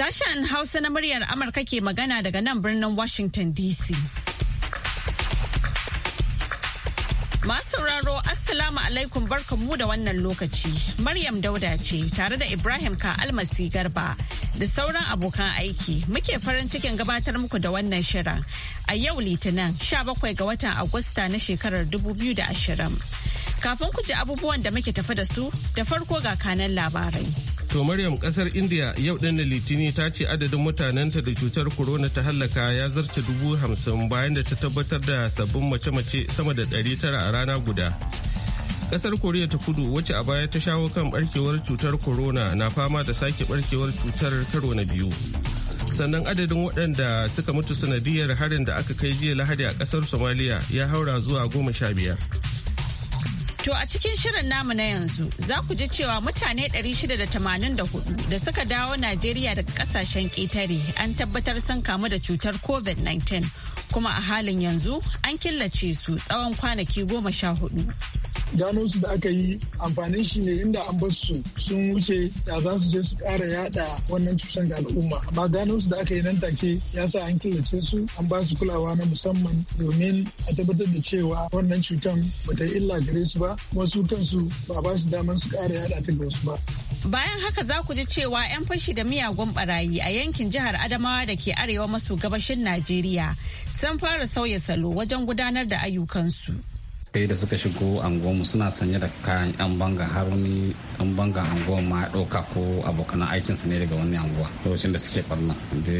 Sashen Hausa na muryar Amurka ke magana daga nan birnin Washington DC. Masu sauraro Assalamu alaikum mu da wannan lokaci. Maryam Dauda ce tare da Ibrahim Ka Almasi Garba da sauran abokan aiki muke farin cikin gabatar muku da wannan shirin a yau Litinin 17 ga watan Agusta na shekarar 2020. Kafin ku ji abubuwan da muke tafi da su da farko ga kanan labarai. To Maryam kasar India yau din da Litini ta ce adadin mutanenta da cutar corona ta hallaka ya zarce dubu hamsin bayan da ta tabbatar da sabbin mace-mace sama da ɗari tara a rana guda. Kasar Koriya ta kudu wacce a baya ta shawo kan barkewar cutar corona na fama da sake barkewar cutar karo na biyu. Sannan adadin waɗanda suka mutu sanadiyar harin da aka kai jiya Lahadi a ƙasar Somalia ya haura zuwa goma sha biyar. To a cikin shirin namu na yanzu za ku ji cewa mutane 684 da suka dawo Najeriya daga kasashen ƙetare an tabbatar sun kamu da cutar COVID-19 kuma a halin yanzu an killace su tsawon kwanaki goma sha hudu. gano su da aka yi amfanin shi ne inda an bar su sun wuce da za su je su kara yada wannan cutar ga al'umma amma gano su da aka yi nan take ya sa an killace su an ba su kulawa na musamman domin a tabbatar da cewa wannan cutar ba ta illa gare su ba kuma su kansu ba ba su daman su kara yada ta ga su ba. Bayan haka za ku ji cewa 'yan fashi da miyagun barayi a yankin jihar Adamawa da ke arewa maso gabashin Najeriya sun fara sauya salo wajen gudanar da ayyukansu. kai da suka shigo anguwanmu suna sanye da kayan yan banga har yan banga anguwan ma ɗauka ko abokan aikinsa ne daga wani anguwa lokacin da suke barna da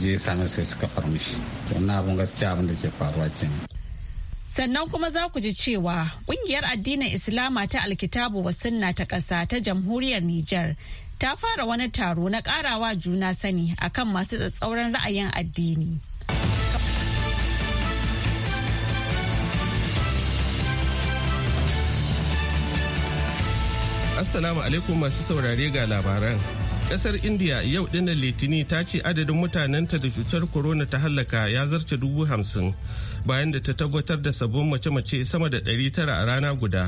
je same sai suka shi wannan abun gaskiya abin da ke faruwa kenan Sannan kuma za ku ji cewa ƙungiyar addinin Islama ta Alkitabu wa Sunna ta ƙasa ta Jamhuriyar Nijar ta fara wani taro na ƙarawa juna sani akan masu tsatsauran ra'ayin addini. Assalamu alaikum masu saurare ga labaran. Kasar India yau dinnan Litini ta ce adadin mutanenta da cutar corona ta hallaka ya zarce dubu hamsin bayan da ta tabbatar da sabbin mace-mace sama da ɗari tara a rana guda.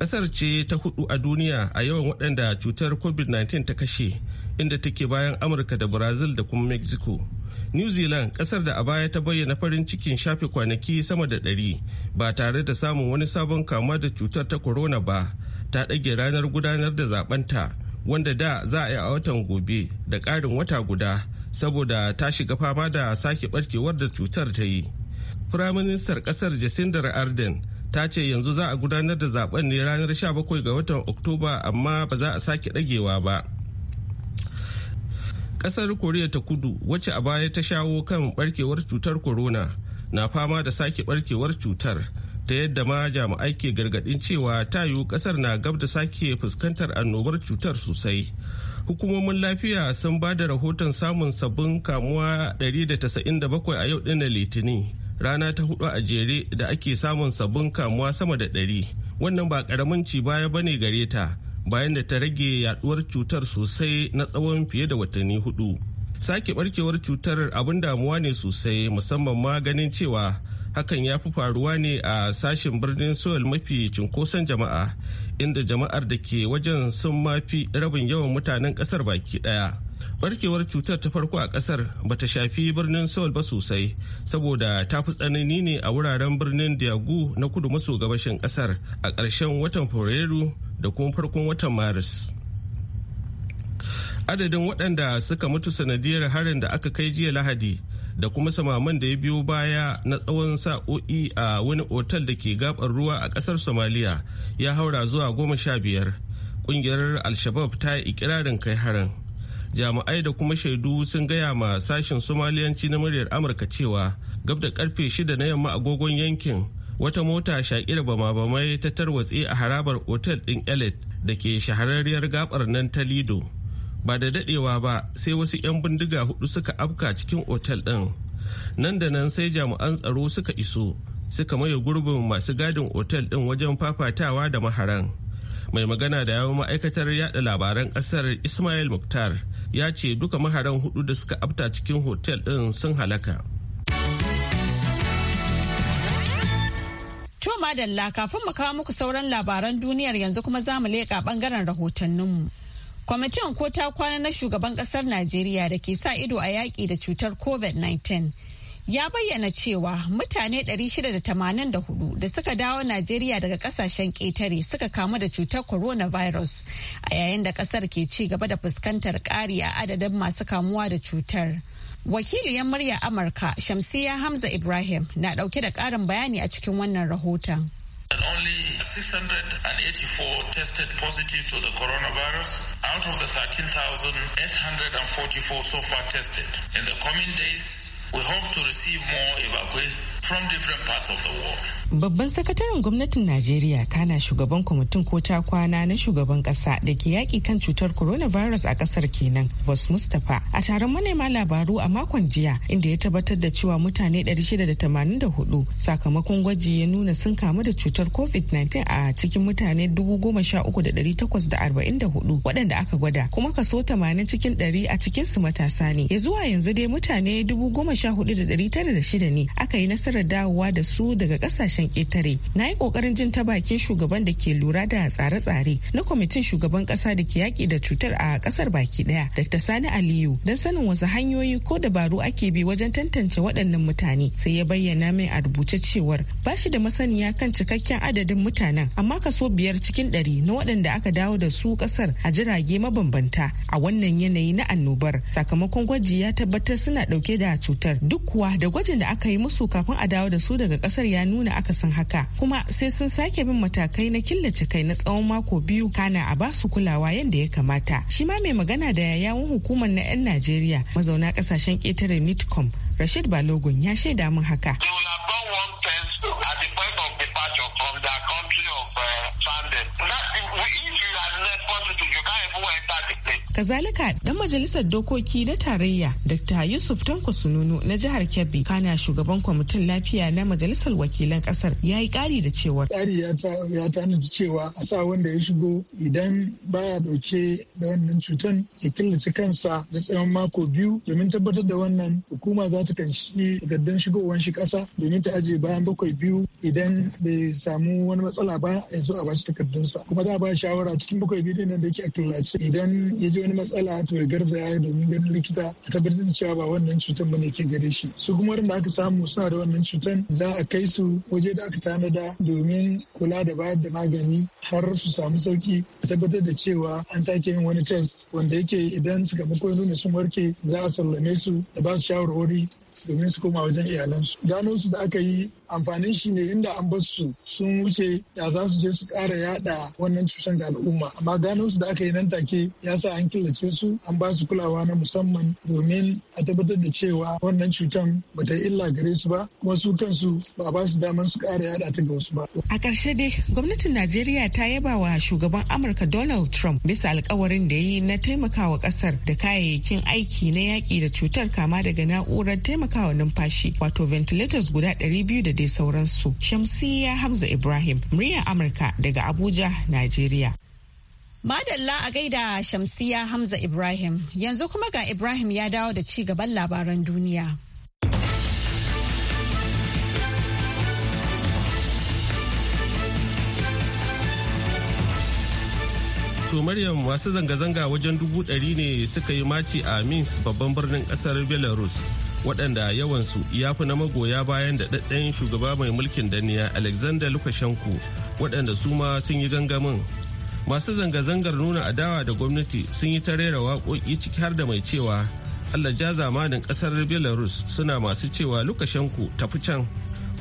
Kasar ce ta hudu a duniya a yawan waɗanda cutar COVID-19 ta kashe inda take bayan Amurka da Brazil da kuma Mexico. New Zealand kasar da a baya ta bayyana farin cikin shafe kwanaki sama da ɗari ba tare da samun wani sabon kamuwa da cutar ta corona ba ta ɗage ranar gudanar da ta. wanda da za a yi a watan gobe da ƙarin wata guda saboda ta shiga fama da sake ɓarkewar da cutar ta yi. Firaministar ƙasar jasindar arden ta ce yanzu za a gudanar da zaben ne ranar 17 ga watan Oktoba amma ba za a sake ɗagewa ba. Ƙasar Koriya ta kudu wacce a baya ta shawo kan ɓarkewar cutar corona na fama da sake ɓarkewar cutar. ta yadda ma jami'ai ke gargadin cewa ta yiwu kasar na gab da sake fuskantar annobar cutar sosai hukumomin lafiya sun ba da rahoton samun sabbin kamuwa 197 a yau ɗin litinin rana ta hudu a jere da ake samun sabbin kamuwa sama da 100 wannan ba karamin ci baya bane gare ta bayan da ta rage yaduwar cutar sosai na tsawon fiye da watanni hudu sake barkewar cutar abin damuwa ne sosai musamman ma ganin cewa hakan ya fi faruwa ne a sashen birnin seoul mafi cunkoson jama'a inda jama'ar da ke wajen sun mafi rabin yawan mutanen kasar baki daya barkewar cutar ta farko a kasar ba ta shafi birnin seoul ba sosai saboda ta fi tsanani ne a wuraren birnin diagu na kudu maso gabashin kasar a ƙarshen watan fabrairu da kuma farkon watan maris adadin waɗanda suka mutu sanadiyar harin da aka kai jiya lahadi da kuma samaman da ya biyo baya na tsawon sa'o'i a wani otal da ke gabar ruwa a kasar somaliya ya haura zuwa goma sha biyar kungiyar alshabab ta yi ikirarin kai harin jami'ai da kuma shaidu sun gaya ma sashen somaliyanci na muryar amurka cewa gab da karfe shida na yamma agogon yankin wata mota shaƙi da bama-bamai ta tarwatse a harabar otal ɗin elet da ke shahararriyar gabar nan ta lido ba da dadewa ba sai wasu 'yan bindiga hudu suka afka cikin otal din nan da nan sai jami'an tsaro suka iso suka maye gurbin masu gadin otal din wajen fafatawa da maharan mai magana da yawon ma'aikatar yada labaran ƙasar ismail muktar ya ce duka maharan hudu da suka afta cikin hotel din sun halaka To madalla kafin mu kawo muku sauran labaran duniyar yanzu kuma za mu leƙa ɓangaren rahotanninmu. Kwamitin ko ta kwana na shugaban kasar Najeriya da ke sa ido a yaƙi da cutar COVID-19 ya bayyana cewa mutane 684 da suka dawo Najeriya daga kasashen ƙetare suka kamu da cutar coronavirus a yayin da kasar ke ci gaba da fuskantar ƙari a adadin masu kamuwa da cutar. Wakiliyar murya Amurka Shamsiya Hamza Ibrahim na ɗauke da ƙarin bayani a cikin wannan rahoton. only 684 tested positive to the coronavirus out of the 13,844 so far tested. In the coming days, we hope to receive more evacuees. from different parts of the world. Babban sakataren gwamnatin Najeriya kana shugaban kwamitin ko ta kwana na shugaban kasa da ke yaƙi kan cutar coronavirus a ƙasar kenan, boss Mustapha, a taron manema labaru a makon jiya inda ya tabbatar da cewa mutane 684 sakamakon gwaji ya nuna sun kamu da cutar COVID-19 a cikin mutane 13,844 waɗanda aka gwada kuma kaso 80 cikin 100 a cikinsu matasa ne. Ya zuwa yanzu dai mutane 14,906 ne aka yi nasarar fara dawowa da su daga kasashen ƙetare na yi ƙoƙarin jin ta bakin shugaban da ke lura da tsare-tsare na kwamitin shugaban ƙasa da ke yaƙi da cutar a ƙasar baki ɗaya dr sani aliyu don sanin wasu hanyoyi ko dabaru ake bi wajen tantance waɗannan mutane sai ya bayyana min a rubuce cewar ba shi da masaniya kan cikakken adadin mutanen amma kaso biyar cikin ɗari na waɗanda aka dawo da su ƙasar a jirage mabambanta a wannan yanayi na annobar sakamakon gwaji ya tabbatar suna ɗauke da cutar duk kuwa da gwajin da aka yi musu kafin a dawo da su daga kasar ya nuna akasin haka kuma sai sun sake bin matakai na killace kai na tsawon mako biyu kana a basu kulawa yadda ya kamata shi ma mai magana da yawun hukumar na 'yan najeriya mazauna kasashen ketare nitcom rashid balogun ya shaida min haka If you are not positive, you can't even enter the place. Kazalika dan majalisar dokoki na tarayya Dr. Yusuf Tanko Sununu na jihar Kebbi kana shugaban kwamitin lafiya na majalisar wakilan kasar ya yi kari da cewa. Tsari ya tanadi cewa a sa wanda ya shigo idan baya dauke da wannan cutan ya killace kansa da tsawon mako biyu domin tabbatar da wannan hukuma za ta kanshi takardun shigowar shi kasa domin ta ajiye bayan bakwai biyu idan bai samu wani matsala ba ya zo a bashi takardunsa kuma za a ba shawara cikin bakwai biyu nan da yake a killace idan ya je wani matsala to ya yi domin ganin likita a tabbatar da cewa ba wannan cutar ne ke gare shi su kuma wanda aka samu suna da wannan cutar za a kai su waje da aka tanada domin kula da bayar da magani har su samu sauki a tabbatar da cewa an sake yin wani test wanda yake idan suka mako nuna sun warke za a sallame su da ba su shawarwari domin su koma wajen iyalansu gano su da aka yi amfanin shi ne inda an bar su sun wuce da za su je su kara yada wannan cutar ga al'umma amma gano su da aka yi nan take ya sa an killace su an ba su kulawa na musamman domin a tabbatar da cewa wannan cutar ba ta illa gare su ba kuma su kansu ba ba su daman su kara yada ta ga wasu ba. a ƙarshe dai gwamnatin najeriya ta yaba wa shugaban amurka donald trump bisa alkawarin da ya yi na taimakawa ƙasar da kayayyakin aiki na yaƙi da cutar kama daga na'urar taimaka taimakawa numfashi wato ventilators guda 200 da dai sauransu. Shamsiyya Hamza Ibrahim, murya Amurka daga Abuja, Najeriya. Madalla a gaida Shamsiya Hamza Ibrahim. Yanzu kuma ga Ibrahim ya dawo da ci gaban labaran duniya. To Maryam masu zanga-zanga wajen dubu ɗari ne suka yi maci a Minsk babban birnin ƙasar Belarus. waɗanda yawansu ya fi na magoya bayan da ɗaɗɗen shugaba mai mulkin daniya alexander lukashenko waɗanda su ma sun yi gangamin masu zanga-zangar nuna adawa da gwamnati sun yi ta rera waƙoƙi ciki har da mai cewa allah ja zamanin ƙasar belarus suna masu cewa lukashenko tafi can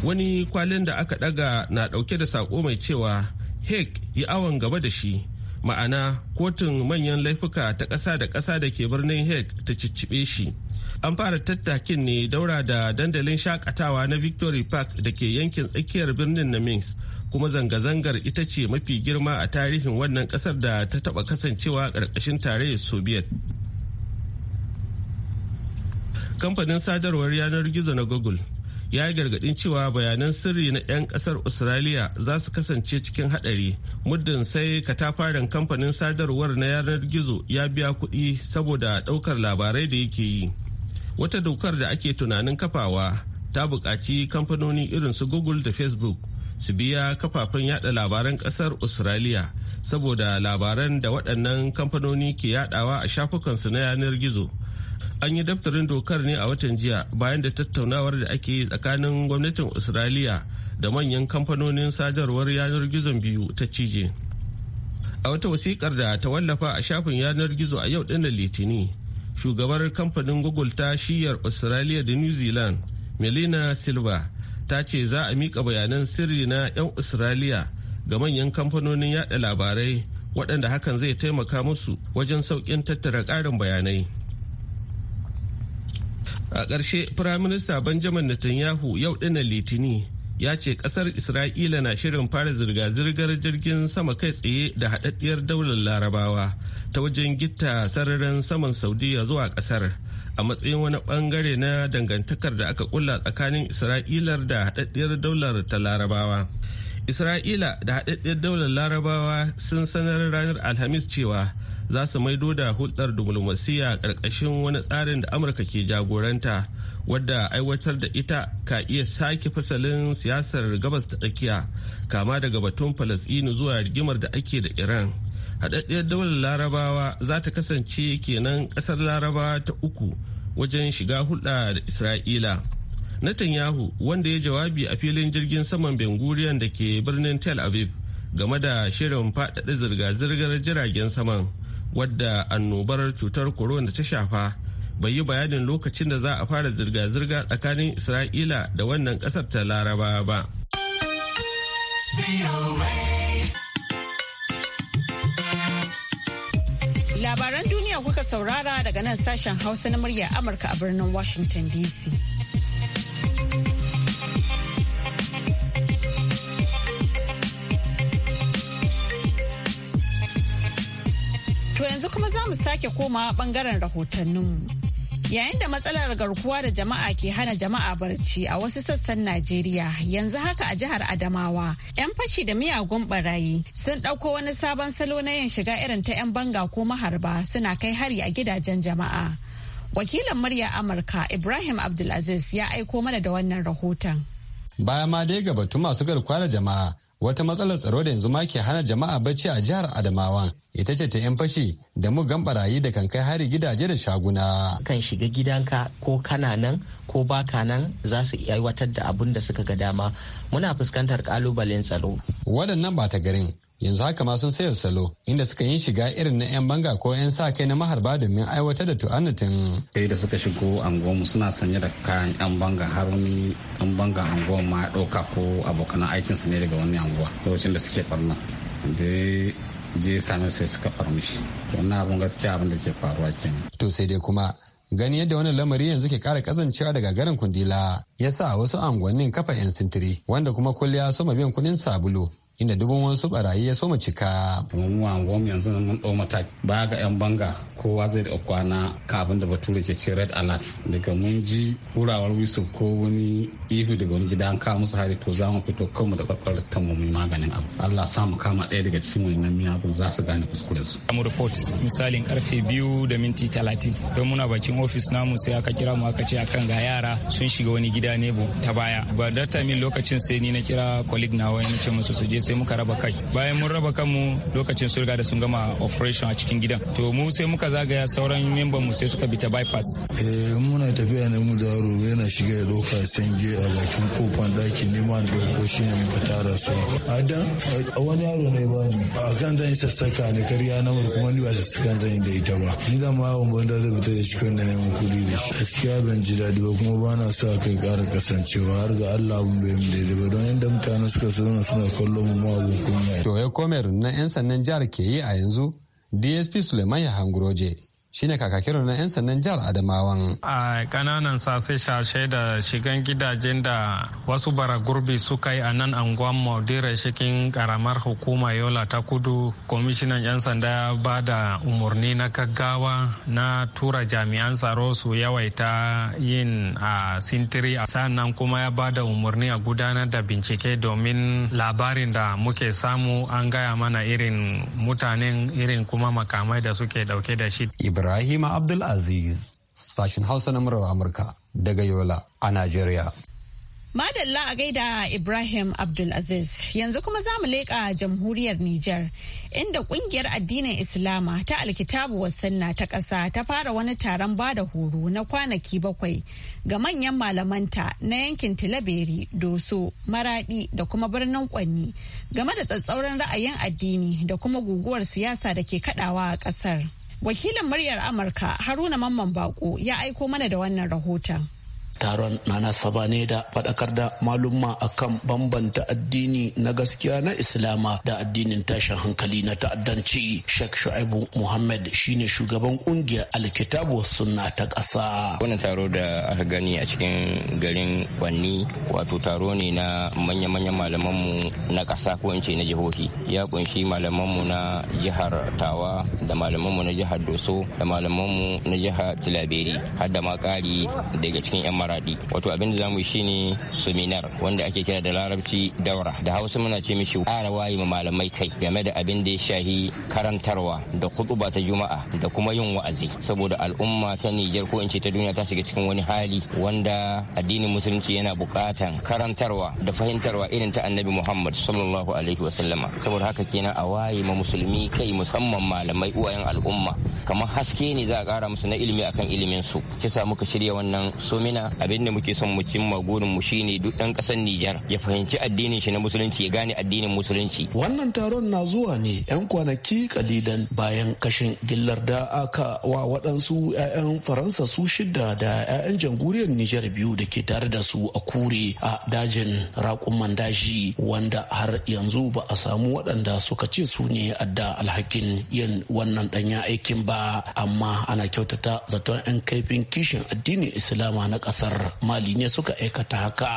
wani kwalin da aka ɗaga na ɗauke da saƙo mai cewa hek yi awon gaba da shi ma'ana kotun manyan laifuka ta ƙasa da ƙasa da ke birnin hek ta ciccibe shi an fara tattakin ne daura da dandalin shakatawa na victory park da ke yankin tsakiyar birnin na minsk kuma zanga-zangar ita ce mafi girma a tarihin wannan kasar da ta taba kasancewa karkashin tarayyar soviet kamfanin sadarwar yanar gizo na google ya yi gargadin cewa bayanan sirri na 'yan kasar australia za su kasance cikin hadari muddin sai katafaren kamfanin sadarwar na yanar gizo ya biya kuɗi saboda daukar labarai da yake yi wata dokar da ake tunanin kafawa ta buƙaci kamfanoni irin su google da facebook su biya kafafen yada labaran ƙasar australia saboda labaran da waɗannan kamfanoni ke yadawa a shafukansu na yanar gizo an yi daftarin dokar ne a watan jiya bayan da tattaunawar da ake tsakanin gwamnatin australia da manyan kamfanonin sadarwar yanar gizon biyu ta cije a wata wasikar da ta wallafa a shafin yanar gizo a yau ɗin litini shugabar kamfanin google ta shiyar australia da new zealand melina silva ta ce za a mika bayanan sirri na 'yan australia ga manyan kamfanonin yada labarai waɗanda hakan zai taimaka musu wajen sauƙin tattara ƙarin bayanai a ƙarshe firaminista benjamin netanyahu yau ɗina litini ya ce kasar isra'ila na shirin fara zirga-zirgar jirgin sama kai tsaye da haɗaɗɗiyar daular larabawa ta wajen gitta sararin saman saudiya zuwa kasar a matsayin wani ɓangare na dangantakar da aka kulla tsakanin isra'ilar da haɗaɗɗiyar daular ta larabawa isra'ila da haɗaɗɗiyar daular larabawa sun sanar ranar alhamis cewa za su maido da hulɗar diflomasiyya ƙarƙashin wani tsarin da amurka ke jagoranta wadda aiwatar da ita ka iya sake fasalin siyasar gabas ta tsakiya kama daga batun falasɗinu zuwa rigimar da ake da iran haɗaɗɗiyar daular larabawa za ta kasance kenan ƙasar larabawa ta uku wajen shiga hulɗa da isra'ila netanyahu wanda ya jawabi a filin jirgin saman benguriyan da ke birnin tel aviv game da shirin faɗaɗa zirga-zirgar jiragen saman wadda annobar cutar corona ta shafa bai yi bayanin lokacin da za a fara zirga-zirga tsakanin isra'ila da wannan kasar ta laraba ba labaran duniya kuka saurara daga nan sashen hausa na murya amurka a birnin washington dc To yanzu kuma za mu sake komawa bangaren rahotanninmu. Yayin da matsalar garkuwa da jama'a ke hana jama'a barci a wasu sassan Najeriya yanzu haka a jihar Adamawa 'yan fashi da miyagun barayi sun ɗauko wani sabon salo na yin shiga irin ta 'yan banga ko maharba suna kai hari a gidajen jama'a. Wakilin murya Amurka Ibrahim Abdulaziz ya aiko mana da wannan rahoton. Baya ma dai ga batu masu garkuwa da jama'a wata matsalar tsaro da yanzu ma ke hana jama'a bacci a jihar adamawa ita ce ta yan fashi da mugan barayi da kan kai hari gidaje da shaguna kan shiga gidanka ko kana nan ko baka nan za su iya aiwatar da abun da suka ga dama muna fuskantar kalubalen tsaro waɗannan ba ta garin yanzu haka ma sun sayar salo inda suka yi shiga irin na 'yan banga ko 'yan sa kai na maharba domin aiwatar da tu'annatin. kai da suka shigo anguwanmu suna sanye da kayan 'yan banga har wani 'yan banga angon ma ɗauka ko abokan su ne daga wani anguwa lokacin da suke ɓarna da je sami sai suka farmi shi wannan abun gaskiya abin da ke faruwa kenan. to sai dai kuma gani yadda wani lamari yanzu ke kara kazancewa daga garin kundila ya sa wasu anguwannin kafa 'yan sintiri wanda kuma kulliya sama biyan kudin sabulu inda dubin wasu barayi ya soma cika. mu anguwan yanzu mun ɗau mataki ba ga 'yan banga kowa zai da kwana kafin da bature ke ce red alert daga mun ji hurawar wisu ko wani ihu daga wani gida an kawo musu hari to za mu fito kanmu da kwakwarta mu mai maganin abu Allah sa mu kama ɗaya daga cikin wannan miyagun za su gane kuskuren su. Mu report misalin karfe biyu da minti talatin don muna bakin ofis namu sai aka kira mu aka ce akan ga yara sun shiga wani gida nebo ta baya ba da min lokacin sai ni na kira colleague na wani ce musu su je sai muka raba kai bayan mun raba kanmu lokacin sun riga da sun gama operation a cikin gidan to mu sai muka zagaya sauran memban mu sai suka bi ta bypass eh muna tafiya ne mu da yana shiga ya doka sange a bakin kofan daki ne ma da ko shi ne muka tara su adan wani yaro ne ba ni a kan zan yi sassaka ne kariya na mu kuma ni ba sassakan zan yi da ita ba ni da ma ban da zai fita da cikin da neman kuɗi da shi gaskiya ban ji daɗi ba kuma ba na so a kai ƙara kasancewa har ga Allah mun bai mu daidai ba don yadda mutane suka na suna kallon mu zama To ya komer na 'yan sannan jihar ke yi a yanzu DSP Suleiman Yahanguroje shine kakakin na 'yan sandan jihar adamawan a kananan sasai shashe da shigan gidajen da wasu bara gurbi suka yi a nan anguwan maudire shikin karamar hukuma yola ta kudu kwamishinan 'yan sanda ya ba da umarni na gaggawa na tura jami'an tsaro su yawaita yin a sintiri a sannan kuma ya ba da umarni a gudanar da bincike domin labarin da muke samu an gaya mana irin mutanen irin kuma makamai da suke dauke da shi Ibrahim Abdulaziz, sashen Hausa na murar Amurka daga Yola a Najeriya. Madalla a gaida Ibrahim Abdulaziz yanzu kuma za mu leƙa jamhuriyar Nijar inda ƙungiyar addinin Islama ta alkitabu wasanna ta ƙasa ta fara wani taron bada horo na kwanaki bakwai ga manyan malamanta na yankin Tilaberi, Doso, Maradi da kuma birnin Kwanni game da tsatsauran ra'ayin addini da kuma guguwar siyasa da ke kaɗawa a ƙasar. Wakilin muryar Amurka Haruna Mamman Bako ya aiko mana da wannan rahoton. taron na nasaba ne da faɗakar da malumma akan bambanta addini na gaskiya na islama da addinin tashin hankali na ta'addanci sheikh shu'aibu muhammad shine shugaban kungiyar alkitabu sunna ta ƙasa wannan taro da aka gani a cikin garin banni wato taro ne na manya-manyan malamanmu na ƙasa ko na jihohi ya kunshi malamanmu na jihar tawa da malamanmu na jihar doso da malamanmu na jihar tilaberi har da ma ƙari daga cikin 'yan maradi wato abin da zamu yi shine seminar wanda ake kira da larabci daura da hausa muna ce mishi ƙara waye ma malamai kai game da abin da ya shahi karantarwa da kutuba ta juma'a da kuma yin wa'azi saboda al'umma ta Nijar ko in ce ta duniya ta shiga cikin wani hali wanda addinin musulunci yana bukatan karantarwa da fahimtarwa irin ta annabi Muhammad sallallahu alaihi wasallama saboda haka kenan a waye ma musulmi kai musamman malamai uwayen al'umma kamar haske ne za a kara musu na ilimi akan ilimin su kisa muka shirya wannan somina abin da muke son mu cimma gurin mu shine duk ɗan ƙasar Nijar ya fahimci addinin shi na musulunci ya gane addinin musulunci. Wannan taron na zuwa ne 'yan kwanaki kalilan bayan kashin gillar da aka wa waɗansu 'ya'yan Faransa su shidda da 'ya'yan jamhuriyar Nijar biyu da ke tare da su a kure a dajin raƙuman mandaji wanda har yanzu ba a samu waɗanda suka ce su ne adda alhakin yin wannan ya aikin ba amma ana kyautata zaton 'yan kaifin kishin addinin Islama na ƙasa. kasar mali ne suka aikata haka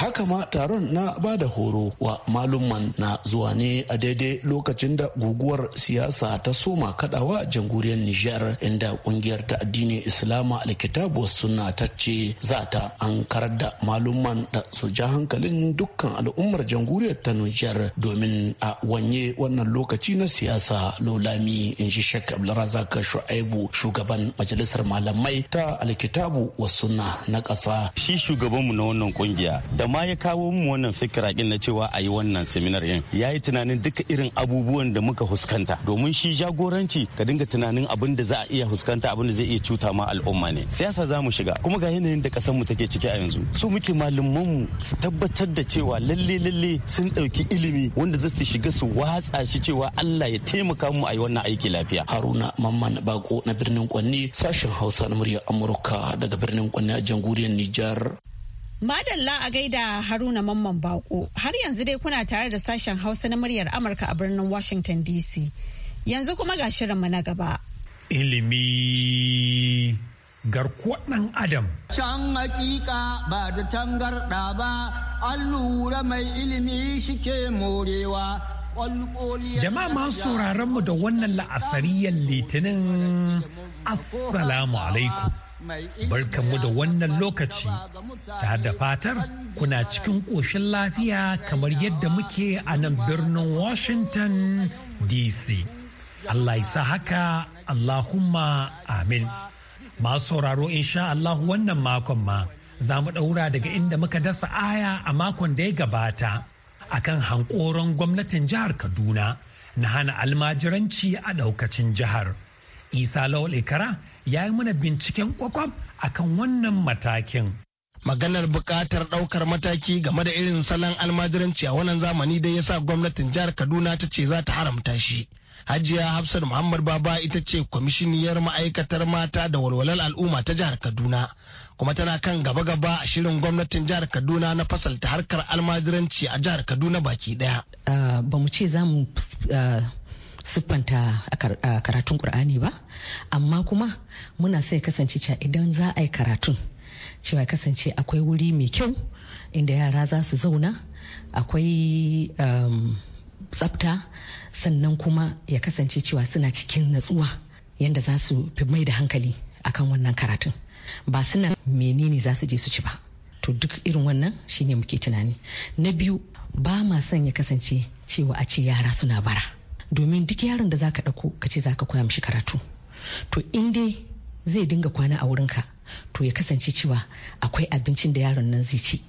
haka ma taron na ba da horo wa malumman na zuwa ne a daidai lokacin da guguwar siyasa ta soma kadawa jamhuriyar nijar inda kungiyar ta addinin islama alkitabu suna ta ce za ta an karar da malumman da su ja hankalin dukkan al'ummar jamhuriyar ta nijar domin a wanye wannan lokaci na siyasa lolami in ji shek abdulrazak shu'aibu shugaban majalisar malamai ta alkitabu wasu na ƙasa shi shugabanmu na wannan kungiya da ma ya kawo mu wannan fikira din na cewa a yi wannan seminar yin ya yi tunanin duka irin abubuwan da muka huskanta domin shi jagoranci ka dinga tunanin abin da za a iya huskanta abin da zai iya cuta ma al'umma ne siyasa za mu shiga kuma ga yanayin da ƙasar mu take ciki a yanzu su muke malaman mu su tabbatar da cewa lalle lalle sun ɗauki ilimi wanda za su shiga su watsa shi cewa Allah ya taimaka mu a yi wannan aiki lafiya haruna mamman bako na birnin kwanni sashen hausa na murya amurka daga birnin kwanni a jamhuriyar jamhuriyar Nijar. Madalla a gaida Haruna Mamman Bako, har yanzu dai kuna tare da sashen Hausa na muryar Amurka a birnin Washington DC. Yanzu kuma ga shirinmu na gaba. Ilimi garkuwar ɗan Adam. Can hakika ba da tangarɗa ba, an lura mai ilimi shike morewa. Jama'a masu sauraron da wannan la'asariyar litinin Assalamu alaikum. Barkanmu da wannan lokaci, ta da fatar kuna cikin ƙoshin lafiya kamar yadda muke a nan birnin Washington DC. Allah isa haka Allahumma amin. Masu sauraro insha Allah wannan makon ma za mu ɗaura daga inda muka dasa aya a makon da ya gabata A kan hankoron gwamnatin jihar Kaduna na hana almajiranci a ɗaukacin jihar. isa lawal ikara ya yi mana binciken kwakwam akan wannan matakin maganar buƙatar ɗaukar mataki game da irin salon almajiranci a wannan zamani dai yasa gwamnatin jihar kaduna ta ce za ta haramta shi hajiya hafsat muhammad baba ita ce kwamishiniyar ma'aikatar mata da walwalar al'umma ta jihar kaduna kuma tana kan gaba-gaba a shirin gwamnatin jihar kaduna na fasalta harkar almajiranci a jihar kaduna baki daya ah, ba mu ce za mu ah, siffanta a karatun ƙur'ani ba amma kuma muna sai kasance cewa idan za a yi karatun cewa kasance akwai wuri mai kyau inda yara za su zauna akwai um, tsafta sannan kuma ya kasance cewa suna cikin natsuwa yadda za su fi mai da hankali akan wannan karatun ba suna menene za su je su ci ba to duk irin wannan shine muke tunani na biyu ba ma son ya kasance cewa a ce yara suna bara domin duk yaron da zaka ɗauko ka ce zaka koya mishi karatu to in dai zai dinga kwana a wurinka to ya kasance cewa akwai abincin da yaron nan zai ci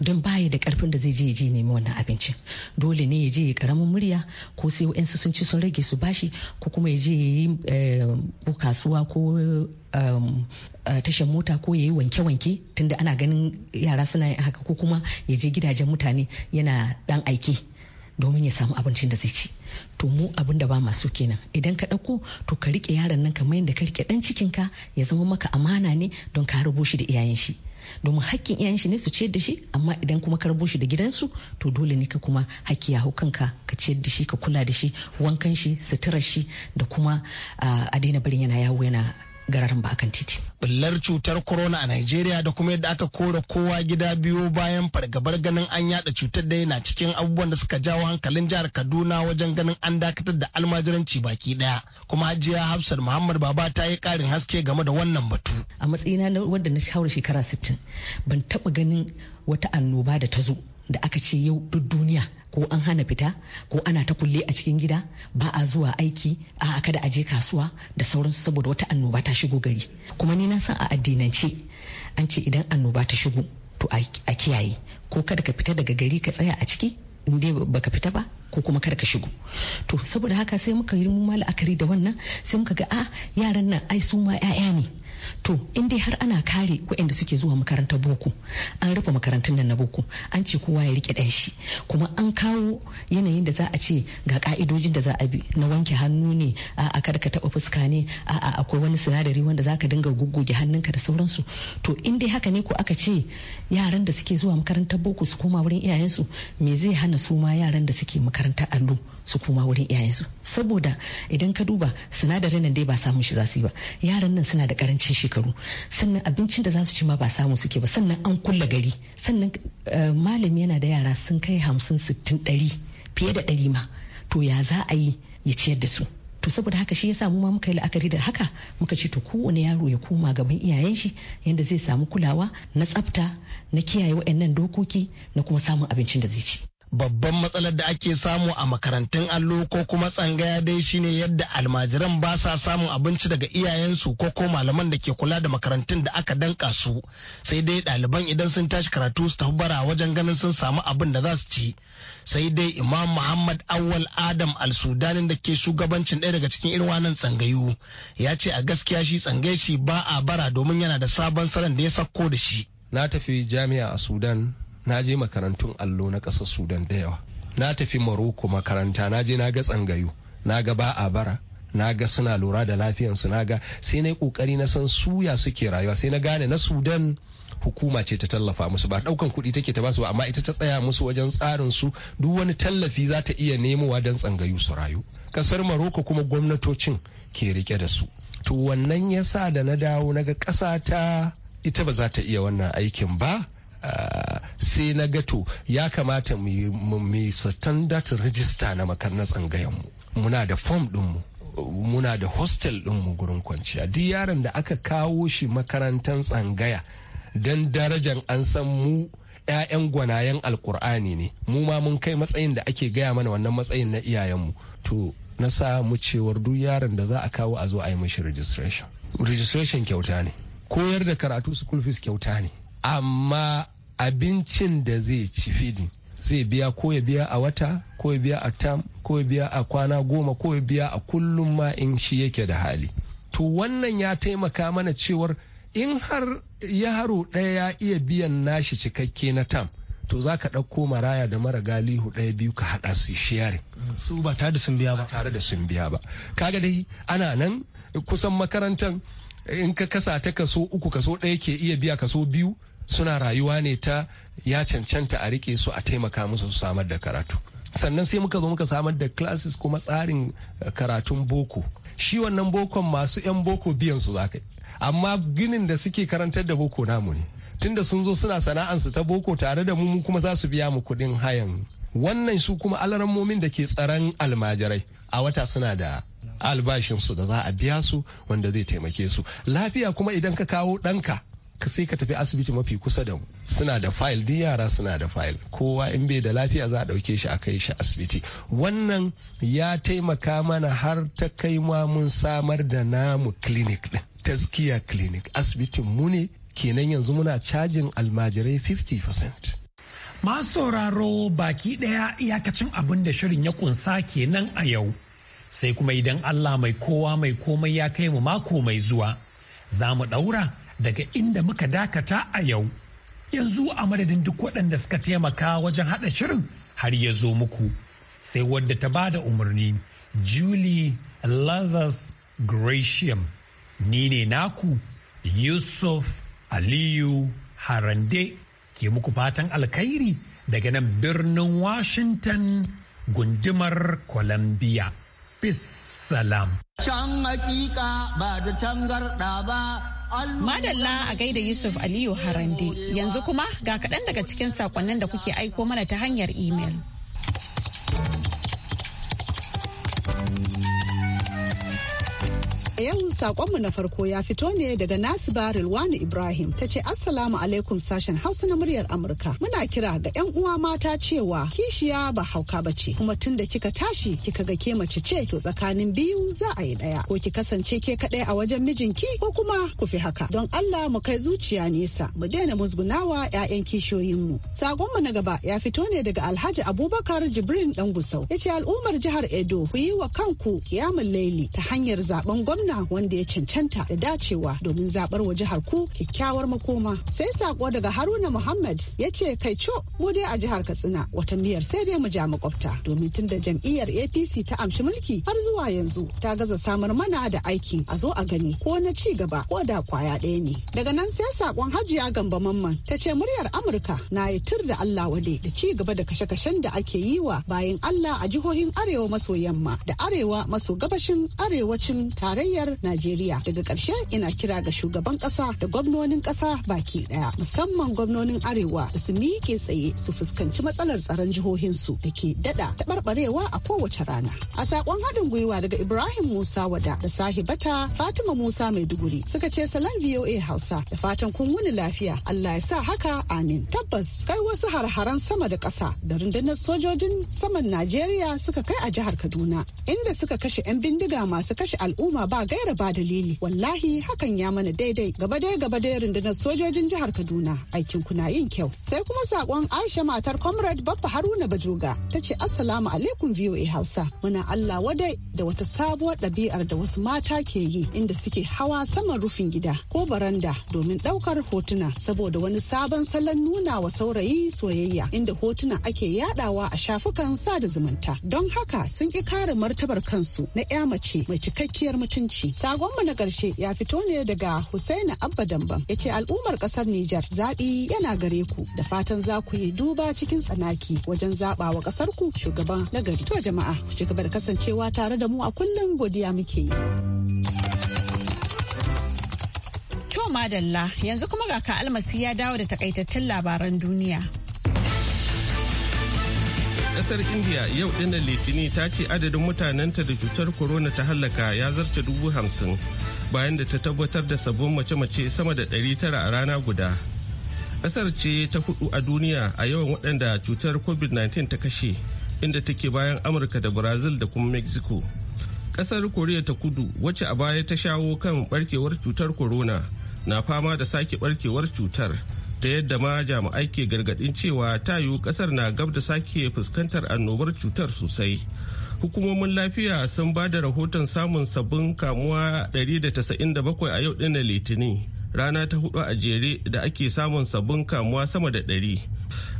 don baya da karfin da zai je ya je nemi wannan abincin dole ne ya je ya karamin murya ko sai wa'yansu sun ci sun rage su bashi ko kuma ya je ya yi eh, kasuwa ko um, eh, tashan mota ko ya yi wanke-wanke tunda ana ganin yara suna haka ko kuma ya je gidajen mutane yana dan aiki domin ya samu abincin da zai ci to mu abin da ba masu kenan idan ka ɗauko to ka rike yaron nan kamar yadda ka rike ɗan cikinka ya zama maka amana ne don ka rubo shi da iyayen shi domin hakkin iyayen shi ne su ciyar da shi amma idan kuma ka rabo shi da gidansu to dole ne ka kuma hakki ya kanka ka ciyar da shi ka kula da shi wankan shi suturar shi da kuma ah, a daina barin yana yawo yana gararin ba titi. Bullar cutar corona a Najeriya da kuma yadda aka kora kowa gida biyu bayan fargabar ganin an yada cutar da yana cikin abubuwan da suka jawo hankalin jihar Kaduna wajen ganin an dakatar da almajiranci baki daya. Kuma Hajiya Hafsat Muhammad Baba ta yi karin haske game da wannan batu. A matsayina wanda na shawara shekara 60 ban taba ganin wata annoba da ta zo da aka ce yau duk duniya ko an hana fita ko ana ta kulle a cikin gida ba a zuwa aiki a kada a je kasuwa da sauransu saboda wata annoba ta shigo gari kuma ni na san a addinance an ce idan annoba ta shigo to a kiyaye ko kada ka fita daga gari ka tsaya a ciki in dai baka fita ba ko kuma kada ka shigo to saboda haka sai muka yi mu la'akari da wannan sai muka ga a ah, yaran nan ai su ma 'ya'ya ne to in dai har ana kare waɗanda suke zuwa makarantar boko an rufe makarantun nan na boko an ce kowa ya rike ɗan shi kuma an kawo yanayin da za a ce ga ka'idojin da za a bi na wanke hannu ne a kada ka taɓa fuska ne a akwai wani sinadari wanda za ka dinga guguge hannunka da sauransu to in dai haka ne ko aka ce yaran da suke zuwa makarantar boko su koma wurin iyayensu me zai hana su ma yaran da suke makarantar allo su koma wurin iyayensu saboda idan ka duba sinadarin nan dai ba samun shi za su yi ba yaran nan suna da karancin shekaru sannan abincin da za su ci ma ba samu suke ba sannan an kulla gari sannan eh, malami yana da yara sun kai hamsin sittin ɗari fiye da ɗari ma to ya za a yi ya ciyar da su to saboda haka shi ya sa mu ma muka yi la'akari da haka muka ce to kowane yaro ya koma gaban iyayen shi yadda zai samu kulawa na tsafta na kiyaye waɗannan dokoki na kuma samun abincin da zai ci babban matsalar da ake samu a makarantun allo ko kuma tsangaya dai shine yadda almajiran ba sa samun abinci daga iyayensu ko ko malaman da ke kula da makarantun da aka danka su sai dai ɗaliban idan sun tashi karatu su tafi bara wajen ganin sun samu abin da za su ci sai dai imam muhammad awwal adam al da ke shugabancin ɗaya daga cikin irin wannan tsangayu ya ce a gaskiya shi tsangai shi ba a bara domin yana da sabon salon da ya sako da shi na tafi jami'a a sudan na je makarantun allo na ƙasar sudan da yawa na tafi maroko makaranta na je na ga tsangayu na ga ba a bara na ga suna lura da lafiyansu na ga sai na yi kokari na san suya suke rayuwa sai na gane na sudan hukuma ce ta tallafa musu ba ɗaukan kuɗi take ta basu ba amma ita ta tsaya musu wajen tsarin su duk wani tallafi za ta iya nemowa don tsangayu su rayu ƙasar maroko kuma gwamnatocin ke rike da su to wannan yasa da na dawo na ga ƙasa ta ita ba za ta iya wannan aikin ba sai na gato ya kamata mu standard register na makarnar tsangayenmu muna da form mu. muna da hostel ɗinmu gurin kwanciya duk yaron da aka kawo shi makarantar tsangaya don darajan an san mu 'ya'yan gwanayen alkur'ani ne mu ma mun kai matsayin da ake gaya mana wannan matsayin na iyayenmu to na sa mu cewar duk yaron da za a kawo a zo a yi mashi registration registration kyauta ne koyar da karatu school fees kyauta ne amma abincin da zai ci fidin zai biya ko ya biya a wata ko ya biya a tam ko ya biya a kwana goma ko ya biya a kullum ma in shi yake da hali to wannan ya taimaka mana cewar in har ya haro ɗaya ya iya biyan nashi cikakke na tam to za ka ɗauko maraya da mara galihu ɗaya biyu ka haɗa su shiyarin su ba tare da sun biya ba tare da sun biya ba kaga dai ana nan kusan makarantar in ka kasa ta kaso uku kaso ɗaya ke iya biya kaso biyu suna rayuwa ne ta ya cancanta a rike su a taimaka musu su samar da karatu sannan sai muka zo muka samar da classes kuma tsarin eh, karatun boko shi wannan bokon masu 'yan boko biyan su zakai amma ginin da suke karantar da boko namu ne tunda sun zo suna sana'ansu ta boko tare da mu kuma za su biya mu kuɗin hayan wannan su kuma alarammomin da ke tsaron almajirai a wata suna da albashinsu da za a biya su wanda zai taimake su lafiya kuma idan ka kawo ɗanka ka sai ka tafi asibiti mafi kusa da mu suna da fayil duk yara suna da fayil kowa in bai da lafiya za a ɗauke shi a kai shi asibiti wannan ya taimaka mana har ta kai ma mun samar da namu clinic din taskiya clinic asibitin mu ne kenan yanzu muna cajin almajirai 50 masu sauraro baki daya iyakacin abin da shirin ya kunsa kenan a yau sai kuma idan Allah mai kowa mai komai ya kai mu mako mai zuwa za mu ɗaura daga inda muka dakata a yau yanzu a madadin duk waɗanda suka taimaka wajen haɗa shirin har ya zo muku sai wadda ta ba da umarni julie lazarus gratium ni ne naku yusuf aliyu harande ke muku fatan alkhairi daga nan birnin washington gundumar columbia Bissalam. Can hakika ba da tangarda ba Madalla a gaida Yusuf Aliyu Harande yanzu kuma ga kaɗan daga cikin saƙonnin da kuke aiko mana ta hanyar imel. A yau sakonmu na farko ya fito ne daga Nasiba Rilwani Ibrahim ta ce Assalamu alaikum sashen Hausa na muryar Amurka. Muna kira ga 'yan uwa mata cewa kishiya ba hauka ba ce kuma tunda kika tashi kika ga ke mace ce to tsakanin biyu za a yi ɗaya. ko ki kasance ke kaɗai a wajen mijinki ko kuma ku fi haka. Don Allah mu kai zuciya nesa mu daina musgunawa 'ya'yan kishiyoyinmu. Saƙonmu na gaba ya fito ne daga Alhaji Abubakar Jibrin gusau ya ce al'ummar jihar Edo ku yi wa kanku kiyamun laili ta hanyar zaben gwamna gwamna wanda ya cancanta da dacewa domin zabar wa jihar ku kyakkyawar makoma. Sai sako daga Haruna Muhammad ya ce kai co mu dai a jihar Katsina wata miyar sai dai mu ja makwabta domin tun da jam'iyyar APC ta amshi mulki har zuwa yanzu ta gaza samar mana da aiki a zo a gani ko na ci gaba ko da kwaya ɗaya ne. Daga nan sai sakon Hajiya Gamba Mamman ta ce muryar Amurka na yi tur da Allah wade da ci gaba da kashe-kashen da ake yi wa bayan Allah a jihohin Arewa maso yamma da Arewa maso gabashin arewacin tarayya tarayyar Najeriya. Daga ƙarshe ina kira ga shugaban ƙasa da gwamnonin ƙasa baki ɗaya musamman gwamnonin Arewa da su miƙe tsaye su fuskanci matsalar tsaron jihohinsu da ke daɗa taɓarɓarewa a kowace rana. A saƙon haɗin gwiwa daga Ibrahim Musa Wada da Sahibata Fatima Musa Maiduguri suka ce salam VOA Hausa da fatan kun wuni lafiya Allah ya sa haka amin. Tabbas kai wasu harharan sama da ƙasa da rundunar sojojin saman Najeriya suka kai a jihar Kaduna inda suka kashe 'yan bindiga masu kashe al'umma ba gaira ba dalili wallahi hakan ya mana daidai gaba dai gaba dai rundunar sojojin jihar kaduna aikin kuna yin kyau sai kuma sakon aisha matar comrade babba haruna bajoga ta ce assalamu alaikum voa hausa muna allah wadai da wata sabuwar ɗabi'ar da wasu mata ke yi inda suke hawa saman rufin gida ko baranda domin ɗaukar hotuna saboda wani sabon salon nuna wa saurayi soyayya inda hotuna ake yadawa a shafukan sada zumunta don haka sun ƙi kare martabar kansu na 'ya mace mai cikakkiyar mutunci shi. Sagonmu na ƙarshe ya fito ne daga Hussaini Abba Damban ya ce al'ummar ƙasar Nijar zaɓi yana gare ku da fatan za ku yi duba cikin tsanaki wajen zaɓa wa ƙasar ku shugaban nagari. To jama'a ku ci gaba da kasancewa tare da mu a kullum godiya muke yi. To madalla yanzu kuma ga ka almasi ya dawo da takaitattun labaran duniya. kasar india yau dinnan litini ta ce adadin mutanenta da cutar corona ta hallaka ya zarce dubu hamsin bayan da ta tabbatar da sabon mace-mace sama da 900 a rana guda kasar ce ta hudu a duniya a yawan waɗanda cutar covid-19 ta kashe inda take bayan amurka da brazil da kuma mexico kasar korea ta kudu wacce a baya ta shawo kan barkewar cutar corona na fama da sake barkewar cutar da yadda ma jami'ai ke gargadin cewa ta yiwu kasar na gab da sake fuskantar annobar cutar sosai hukumomin lafiya sun ba da rahoton samun sabbin kamuwa 197 a yau na litinin rana ta hudu a jere da ake samun sabbin kamuwa sama da 100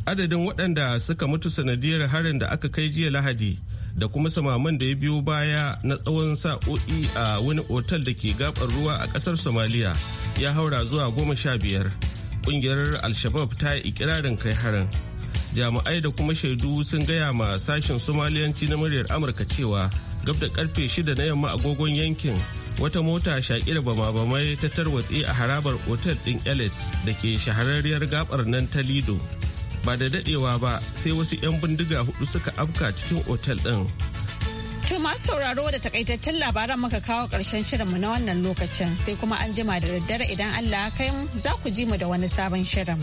adadin waɗanda suka mutu sanadiyar harin da aka kai jiya lahadi da kuma samaman da ya biyo baya na tsawon sa'o'i a wani otal da ke gabar ruwa a ƙasar somaliya ya haura zuwa goma sha biyar kungiyar alshabab ta yi ikirarin kai harin jami'ai da kuma shaidu sun gaya ma sashen somaliyanci na muryar amurka cewa gab da karfe shida na yamma agogon yankin wata mota shaƙi da bama-bamai ta tarwatse a harabar otel ɗin elit da ke shahararriyar gabar nan ta lido ba da daɗewa ba sai wasu 'yan bindiga hudu suka afka cikin otel ɗin To masu sauraro da takaitattun labaran muka kawo ƙarshen shirinmu na wannan lokacin sai kuma an jima da daddare idan Allah kai za ku ji mu da wani sabon shirin.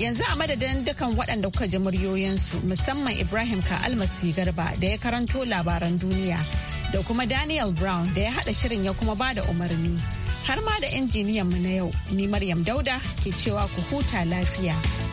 Yanzu a madadin dukan waɗanda kuka ji muryoyinsu musamman Ibrahim ka almasi garba da ya karanto labaran duniya da kuma Daniel Brown da ya haɗa shirin ya kuma bada umarni. Har ma da injiniyanmu na yau, ni Maryam Dauda ke cewa ku huta lafiya.